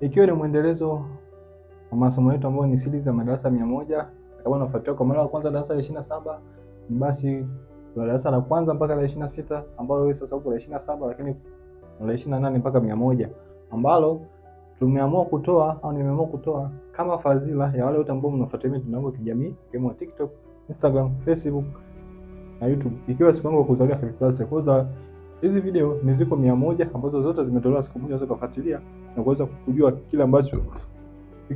Ikiwa ni mwendelezo wa masomo yetu ambayo ni series ya madarasa mia moja, kama unafuatilia kwa mara ya kwanza darasa la ishirini na saba, basi kuna darasa la kwanza mpaka la ishirini na sita ambalo wewe sasa uko la ishirini na saba lakini la ishirini na nane mpaka mia moja ambalo tumeamua kutoa au nimeamua kutoa kama fadhila ya wale wote ambao mnafuatilia mitandao ya kijamii kama TikTok, Instagram, Facebook na YouTube. Ikiwa siku yangu ya kuzaliwa happy birthday. Hizi video ni ziko mia moja ambazo zote zimetolewa siku moja, unaweza kufuatilia na kuweza kujua kile ambacho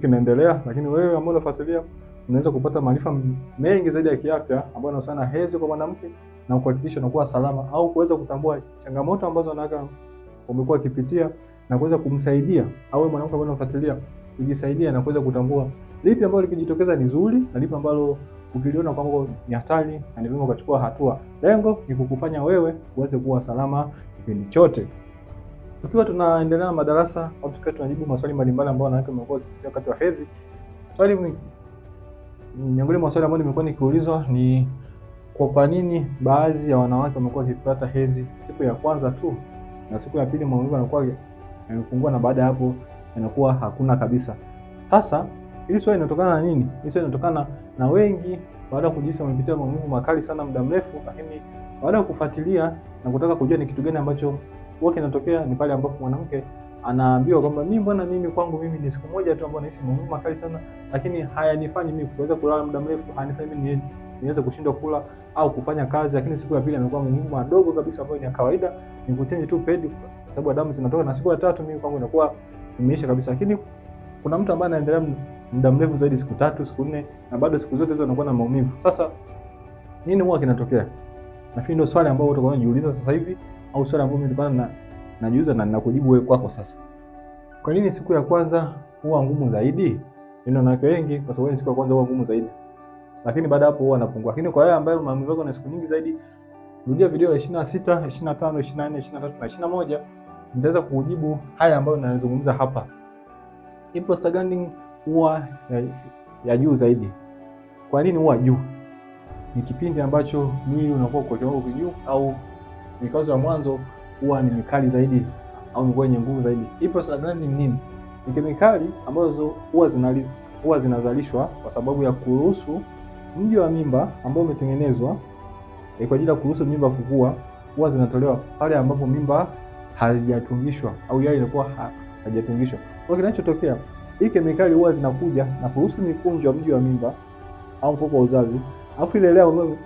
kinaendelea. Lakini wewe ambao unafuatilia, unaweza kupata maarifa mengi zaidi ya kiafya ambayo yanahusiana na hedhi kwa mwanamke na kuhakikisha unakuwa salama au kuweza kutambua changamoto ambazo wanawake wamekuwa wakipitia na kuweza kumsaidia au mwanamke ambaye unafuatilia kujisaidia na kuweza kutambua lipi ambalo likijitokeza ni zuri na lipi ambalo ukiliona kwamba ni hatari na ni vyema ukachukua hatua. Lengo ni kukufanya wewe uweze kuwa salama kipindi chote. Tukiwa tunaendelea na madarasa au tukiwa tunajibu maswali mbalimbali ambayo wanawake wamekuwa wakipitia wakati wa hedhi, swali miongoni mwa swali ambayo nimekuwa nikiulizwa ni kwa nini baadhi ya wanawake wamekuwa wakipata hedhi siku ya kwanza tu na siku ya pili maumivu yanakuwa yamepungua na baada ya hapo yanakuwa hakuna kabisa. Sasa Hili swali linatokana na nini? Hili swali linatokana na wengi baada ya kujisikia wamepitia maumivu makali sana muda mrefu, lakini baada ya kufuatilia na kutaka kujua ni kitu gani ambacho huwa kinatokea, ni pale ambapo mwanamke anaambiwa kwamba mimi, bwana, mimi kwangu mimi ni siku moja tu ambapo nahisi maumivu makali sana, lakini hayanifanyi mimi kuweza kulala muda mrefu, hayanifanyi mimi niweze kushindwa kula au kufanya kazi. Lakini siku ya pili amekuwa maumivu madogo kabisa ambayo ni ya kawaida, ni kuchange tu pedi kwa sababu damu zinatoka, na siku ya tatu mimi kwangu inakuwa imeisha kabisa. Lakini kuna mtu ambaye anaendelea muda mrefu zaidi, siku tatu, siku nne, na bado siku zote hizo anakuwa na maumivu. Sasa nini huwa kinatokea? Nafikiri ndio swali ambalo utakuwa unajiuliza sasa hivi, au swali ambalo mimi na najiuliza na ninakujibu wewe kwako sasa. Kwa nini siku ya kwanza huwa ngumu zaidi? Ndio wanawake wengi, kwa sababu siku ya kwanza huwa ngumu zaidi, lakini baada hapo huwa anapungua. Lakini kwa wale ambao maumivu yako na siku nyingi zaidi, rudia video ya 26, 25, 24, 23 na 21 nitaweza kukujibu haya ambayo ninazungumza hapa. Imposter huwa ya, ya juu zaidi. Kwa nini huwa juu? Ni kipindi ambacho mwili unakuwa kwa kiwango kijuu, au mikazo ya mwanzo huwa ni mikali zaidi au ni yenye nguvu zaidi. Prostaglandin ni nini? Ni kemikali ambazo huwa zinali huwa zinazalishwa kwa sababu ya kuruhusu mji wa mimba ambao umetengenezwa e, kwa ajili ya kuruhusu mimba kukua. Huwa zinatolewa pale ambapo mimba hazijatungishwa au yai ilikuwa hajatungishwa. Kwa kinachotokea hii kemikali huwa zinakuja na kuruhusu mikunjo ya mji wa mimba au mfuko wa uzazi, afu ile leo ambayo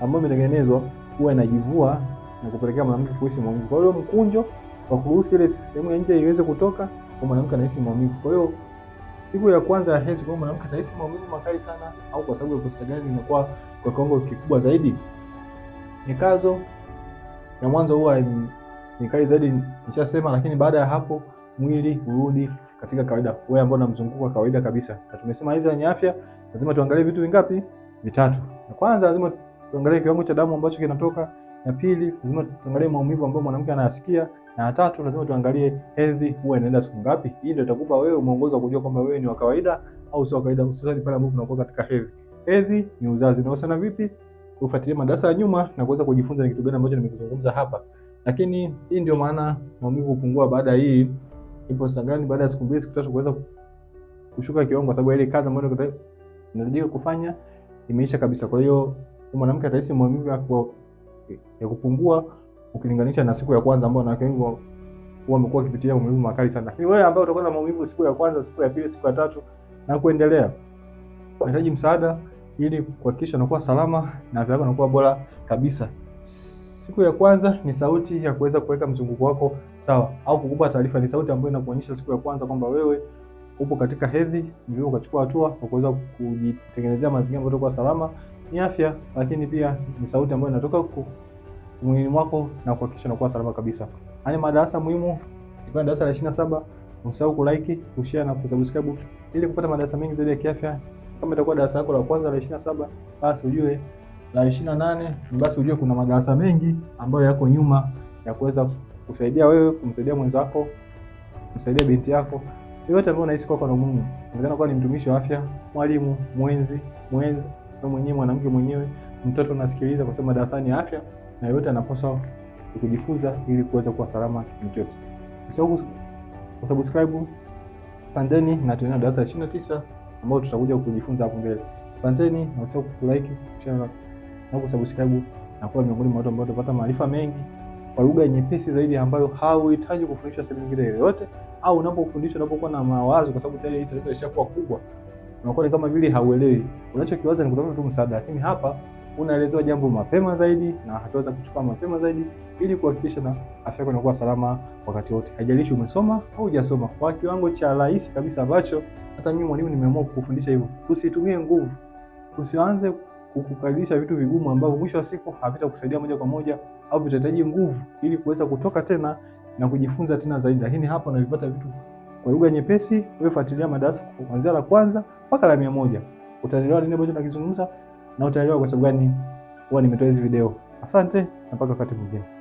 ambayo imetengenezwa huwa inajivua na kupelekea mwanamke kuhisi maumivu. Kwa hiyo mkunjo wa kuruhusu ile sehemu ya nje iweze kutoka, kwa mwanamke anahisi maumivu. Kwa hiyo siku ya kwanza ya hedhi, kwa mwanamke anahisi maumivu makali sana, au kwa sababu ya prostaglandin inakuwa kwa kiwango kikubwa zaidi. Mikazo ya mwanzo huwa ni kali zaidi, nishasema, lakini baada ya hapo mwili kurudi katika kawaida, wewe ambao unamzunguka kawaida kabisa. Na tumesema hizi yenye afya lazima tuangalie vitu vingapi? Vitatu. Na kwanza lazima tuangalie kiwango cha damu ambacho kinatoka, na pili lazima tuangalie maumivu ambayo mwanamke anayasikia, na tatu lazima tuangalie hedhi huwa inaenda siku ngapi. Hii ndio itakupa wewe mwongozo wa kujua kwamba wewe ni wa kawaida au sio wa kawaida, hususan pale ambapo unakuwa katika hedhi. Hedhi ni uzazi Na usana vipi? Ufuatilie madarasa ya nyuma na kuweza kujifunza ni kitu gani ambacho nimekizungumza hapa. Lakini hii ndio maana maumivu hupungua baada ya hii ipo Instagram baada ya siku mbili siku tatu kuweza kushuka kiwango, kwa sababu ile kazi ambayo inahitajika kufanya imeisha kabisa. Kwa hiyo mwanamke atahisi maumivu ya kupungua ukilinganisha na siku ya kwanza ambayo wanawake wengi wamekuwa wakipitia maumivu makali sana. Lakini wewe ambaye utakuwa na maumivu siku ya kwanza, siku ya pili, siku ya tatu na kuendelea, unahitaji msaada ili kuhakikisha unakuwa salama na afya yako inakuwa bora kabisa. Siku ya kwanza ni sauti ya kuweza kuweka mzunguko wako sawa, au kukupa taarifa ni sauti ambayo inakuonyesha siku ya kwanza kwamba wewe upo katika hedhi, ni wewe ukachukua hatua kwa kuweza kujitengenezea mazingira ambayo kwa salama ni afya, lakini pia ni sauti ambayo inatoka mwilini mwako na kuhakikisha unakuwa salama kabisa. Haya madarasa muhimu, ikiwa darasa la 27 usisahau kulike, kushare na kusubscribe ili kupata madarasa mengi zaidi ya kiafya. Kama itakuwa darasa lako la kwanza la 27, basi ujue la 28, basi ujue kuna madarasa mengi ambayo yako nyuma ya kuweza kusaidia wewe, kumsaidia mwenzako, kumsaidia binti yako, yoyote ambayo unahisi kwako na Mungu. Inawezekana kuwa ni mtumishi wa afya, mwalimu, mwenzi, mwenzi au mwenyewe, mwanamke mwenyewe, mtoto unasikiliza kwa sababu darasani afya, na yoyote anapaswa kujifunza ili kuweza kuwa salama kipindi Usahau Usisahau kusubscribe Santeni na tunaenda darasa la 29 ambao tutakuja kujifunza hapo mbele. Asanteni na usahau kulike, share na kusubscribe na kuwa miongoni mwa watu ambao watapata maarifa mengi kwa lugha nyepesi zaidi ambayo hauhitaji kufundishwa sehemu nyingine yoyote, au unapofundishwa unapokuwa na mawazo, kwa sababu tayari taarifa ishakuwa kubwa, unakuwa ni kama vile hauelewi. Unachokiwaza ni kutafuta tu msaada, lakini hapa unaelezewa jambo mapema zaidi na hatua za kuchukua mapema zaidi, ili kuhakikisha na afya yako inakuwa salama wakati wote, haijalishi umesoma au hujasoma, kwa kiwango cha rahisi kabisa ambacho hata mimi mwalimu nimeamua kukufundisha hivyo. Usitumie nguvu, usianze kukukalisha vitu vigumu ambavyo mwisho wa siku havitakusaidia moja kwa moja au vitahitaji nguvu ili kuweza kutoka tena na kujifunza tena zaidi. Lakini hapa unavipata vitu kwa lugha nyepesi. Wewe fuatilia madarasa kuanzia la kwanza mpaka la mia moja, utaelewa nini ambacho nakizungumza na utaelewa kwa sababu gani huwa nimetoa hizi video. Asante na mpaka wakati mwingine.